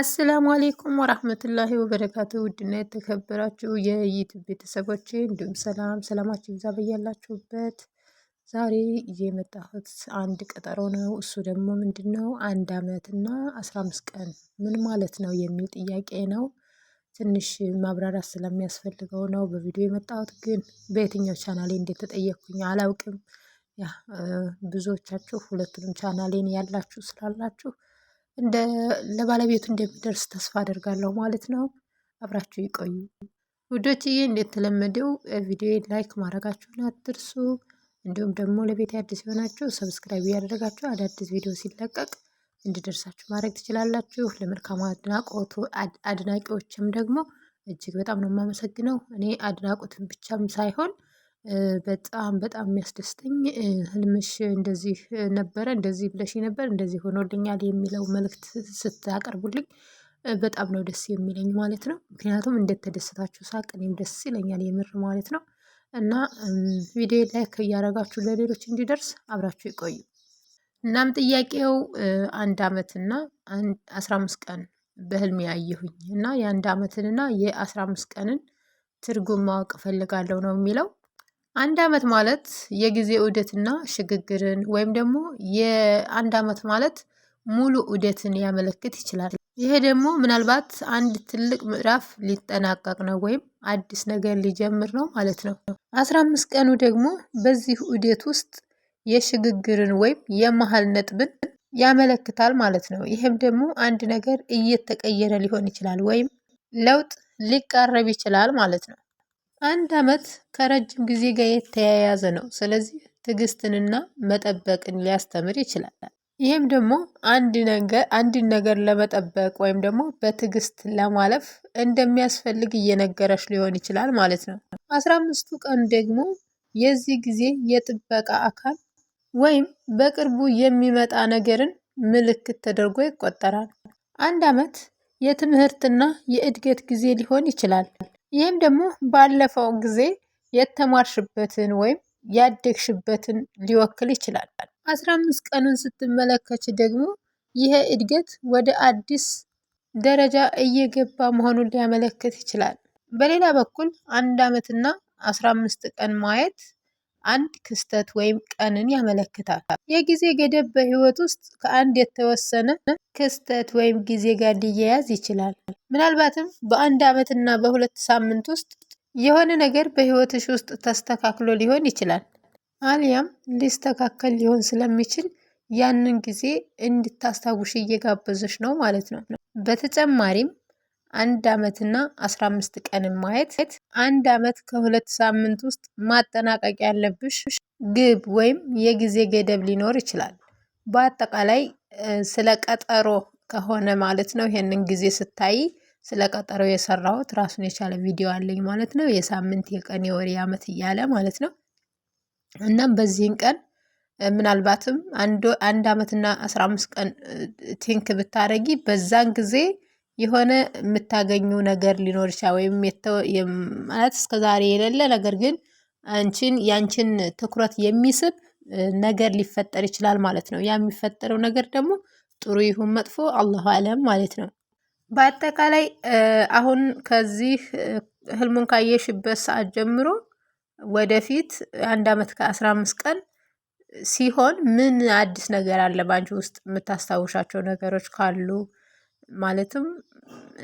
አሰላሙ አሌይኩም ወራህመቱላሂ ወበረካቱ። ውድና የተከበራችሁ የዩቱብ ቤተሰቦች እንዲሁም ሰላም ሰላማችሁ ይብዛ በያላችሁበት። ዛሬ የመጣሁት አንድ ቀጠሮ ነው። እሱ ደግሞ ምንድን ነው አንድ አመት እና አስራ አምስት ቀን ምን ማለት ነው የሚል ጥያቄ ነው። ትንሽ ማብራራት ስለሚያስፈልገው ነው በቪዲዮ የመጣሁት። ግን በየትኛው ቻናሌ እንደተጠየቅኩኝ አላውቅም። ያ ብዙዎቻችሁ ሁለቱንም ቻናሌን ያላችሁ ስላላችሁ ለባለቤቱ እንደሚደርስ ተስፋ አደርጋለሁ ማለት ነው። አብራችሁ ይቆዩ ውዶችዬ። እንደተለመደው ቪዲዮ ላይክ ማድረጋችሁን አትርሱ። እንዲሁም ደግሞ ለቤት አዲስ የሆናችሁ ሰብስክራይብ እያደረጋችሁ አዳዲስ ቪዲዮ ሲለቀቅ እንዲደርሳችሁ ማድረግ ትችላላችሁ። ለመልካም አድናቆቱ አድናቂዎችም ደግሞ እጅግ በጣም ነው የማመሰግነው። እኔ አድናቆትን ብቻም ሳይሆን በጣም በጣም የሚያስደስተኝ ህልምሽ እንደዚህ ነበረ እንደዚህ ብለሽ ነበር እንደዚህ ሆኖልኛል የሚለው መልእክት ስታቀርቡልኝ በጣም ነው ደስ የሚለኝ ማለት ነው። ምክንያቱም እንደተደሰታችሁ ሳቅ እኔም ደስ ይለኛል የምር ማለት ነው። እና ቪዲዮ ላይክ እያደረጋችሁ ለሌሎች እንዲደርስ አብራችሁ ይቆዩ። እናም ጥያቄው አንድ አመትና አስራ አምስት ቀን በህልም ያየሁኝ እና የአንድ አመትንና የአስራ አምስት ቀንን ትርጉም ማወቅ እፈልጋለሁ ነው የሚለው አንድ ዓመት ማለት የጊዜ ዑደትና ሽግግርን ወይም ደግሞ የአንድ ዓመት ማለት ሙሉ ዑደትን ሊያመለክት ይችላል። ይሄ ደግሞ ምናልባት አንድ ትልቅ ምዕራፍ ሊጠናቀቅ ነው ወይም አዲስ ነገር ሊጀምር ነው ማለት ነው። አስራ አምስት ቀኑ ደግሞ በዚህ ዑደት ውስጥ የሽግግርን ወይም የመሀል ነጥብን ያመለክታል ማለት ነው። ይህም ደግሞ አንድ ነገር እየተቀየረ ሊሆን ይችላል ወይም ለውጥ ሊቃረብ ይችላል ማለት ነው። አንድ ዓመት ከረጅም ጊዜ ጋር የተያያዘ ነው። ስለዚህ ትዕግስትንና መጠበቅን ሊያስተምር ይችላል። ይህም ደግሞ አንድን ነገር ለመጠበቅ ወይም ደግሞ በትዕግስት ለማለፍ እንደሚያስፈልግ እየነገረች ሊሆን ይችላል ማለት ነው። አስራ አምስቱ ቀን ደግሞ የዚህ ጊዜ የጥበቃ አካል ወይም በቅርቡ የሚመጣ ነገርን ምልክት ተደርጎ ይቆጠራል። አንድ ዓመት የትምህርትና የእድገት ጊዜ ሊሆን ይችላል። ይህም ደግሞ ባለፈው ጊዜ የተማርሽበትን ወይም ያደግሽበትን ሊወክል ይችላል። አስራ አምስት ቀኑን ስትመለከች ደግሞ ይህ እድገት ወደ አዲስ ደረጃ እየገባ መሆኑን ሊያመለክት ይችላል። በሌላ በኩል አንድ ዓመትና አስራ አምስት ቀን ማየት አንድ ክስተት ወይም ቀንን ያመለክታል። የጊዜ ገደብ በህይወት ውስጥ ከአንድ የተወሰነ ክስተት ወይም ጊዜ ጋር ሊያያዝ ይችላል። ምናልባትም በአንድ እና በሁለት ሳምንት ውስጥ የሆነ ነገር በህይወትሽ ውስጥ ተስተካክሎ ሊሆን ይችላል። አሊያም ሊስተካከል ሊሆን ስለሚችል ያንን ጊዜ እንድታስታውሽ እየጋበዘች ነው ማለት ነው። በተጨማሪም አንድ ዓመትና አስራ አምስት ቀንን ማየት አንድ ዓመት ከሁለት ሳምንት ውስጥ ማጠናቀቅ ያለብሽ ግብ ወይም የጊዜ ገደብ ሊኖር ይችላል። በአጠቃላይ ስለ ቀጠሮ ከሆነ ማለት ነው። ይሄንን ጊዜ ስታይ ስለ ቀጠሮ የሰራሁት ራሱን የቻለ ቪዲዮ አለኝ ማለት ነው። የሳምንት፣ የቀን፣ የወር፣ አመት እያለ ማለት ነው። እናም በዚህን ቀን ምናልባትም አንድ ዓመትና አስራ አምስት ቀን ቲንክ ብታረጊ በዛን ጊዜ የሆነ የምታገኙ ነገር ሊኖር ይችላል። ወይም ማለት እስከ ዛሬ የሌለ ነገር ግን አንቺን ያንቺን ትኩረት የሚስብ ነገር ሊፈጠር ይችላል ማለት ነው። ያ የሚፈጠረው ነገር ደግሞ ጥሩ ይሁን መጥፎ አላሁ አለም ማለት ነው። በአጠቃላይ አሁን ከዚህ ህልሙን ካየሽበት ሰዓት ጀምሮ ወደፊት አንድ አመት ከአስራ አምስት ቀን ሲሆን ምን አዲስ ነገር አለ ባንቺ ውስጥ የምታስታውሻቸው ነገሮች ካሉ ማለትም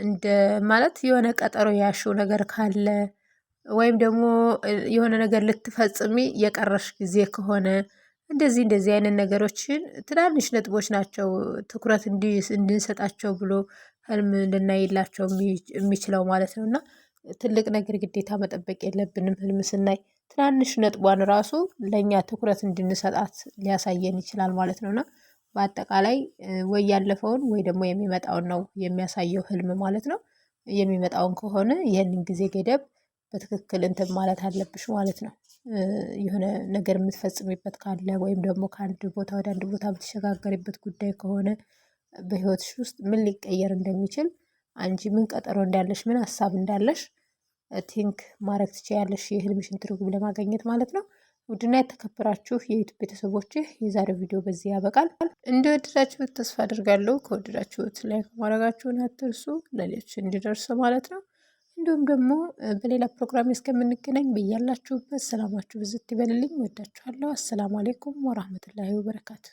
እንደ ማለት የሆነ ቀጠሮ ያሽው ነገር ካለ ወይም ደግሞ የሆነ ነገር ልትፈጽሚ የቀረሽ ጊዜ ከሆነ እንደዚህ እንደዚህ አይነት ነገሮችን ትናንሽ ነጥቦች ናቸው ትኩረት እንድንሰጣቸው ብሎ ህልም ልናይላቸው የሚችለው ማለት ነው። እና ትልቅ ነገር ግዴታ መጠበቅ የለብንም። ህልም ስናይ ትናንሽ ነጥቧን ራሱ ለእኛ ትኩረት እንድንሰጣት ሊያሳየን ይችላል ማለት ነው። እና በአጠቃላይ ወይ ያለፈውን ወይ ደግሞ የሚመጣውን ነው የሚያሳየው ህልም ማለት ነው። የሚመጣውን ከሆነ ይህንን ጊዜ ገደብ በትክክል እንትን ማለት አለብሽ ማለት ነው። የሆነ ነገር የምትፈጽሚበት ካለ ወይም ደግሞ ከአንድ ቦታ ወደ አንድ ቦታ የምትሸጋገሪበት ጉዳይ ከሆነ በህይወትሽ ውስጥ ምን ሊቀየር እንደሚችል አንቺ ምን ቀጠሮ እንዳለሽ ምን ሀሳብ እንዳለሽ ቲንክ ማድረግ ትችያለሽ የህልምሽን ትርጉም ለማገኘት ማለት ነው። ውድና የተከበራችሁ የዩቱብ ቤተሰቦች የዛሬው ቪዲዮ በዚህ ያበቃል። እንደወደዳችሁት ተስፋ አድርጋለሁ። ከወደዳችሁት ላይክ ማድረጋችሁን አትርሱ፣ ለሌሎች እንዲደርስ ማለት ነው። እንዲሁም ደግሞ በሌላ ፕሮግራም እስከምንገናኝ በያላችሁበት ሰላማችሁ ብዝት ይበልልኝ። ወዳችኋለሁ። አሰላሙ አሌይኩም ወራህመቱላሂ ወበረካቱ።